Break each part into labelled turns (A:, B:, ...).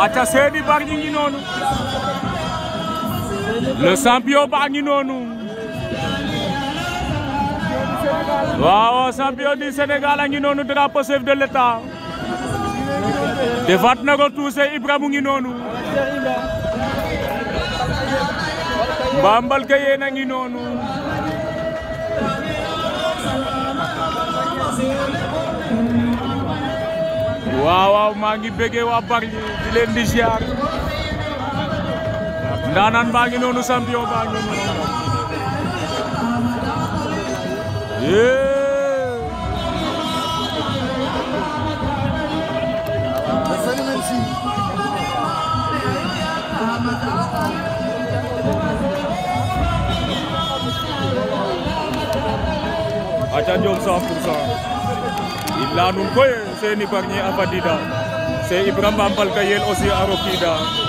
A: aca seeni baa ngi ngi noonu le champion baa ngi noonu waaw champion du Sénégal a ngi noonu drapeau chef de l'État defaat na ko tuuse Ibrahima ngi noonu Mbambal Gueye na ngi noonu waaw maa ngi béggee waa Bargny di leen di ziar ndaanaan baa ngi noonu champion baa ngi noonu Acan Jom sağ kursa. Il a nous quoi, c'est ni par ni Abadida. C'est Ibrahim Ambalkayel aussi à Rokida.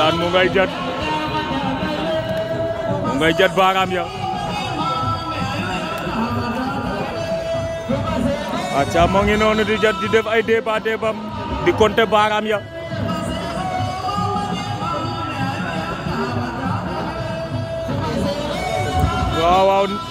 A: Ndeysaan mu ngay jat mu ngay jat baaraam ya acca moo ngi noonu di jat di def ay débat débam di compter baaraam ya waaw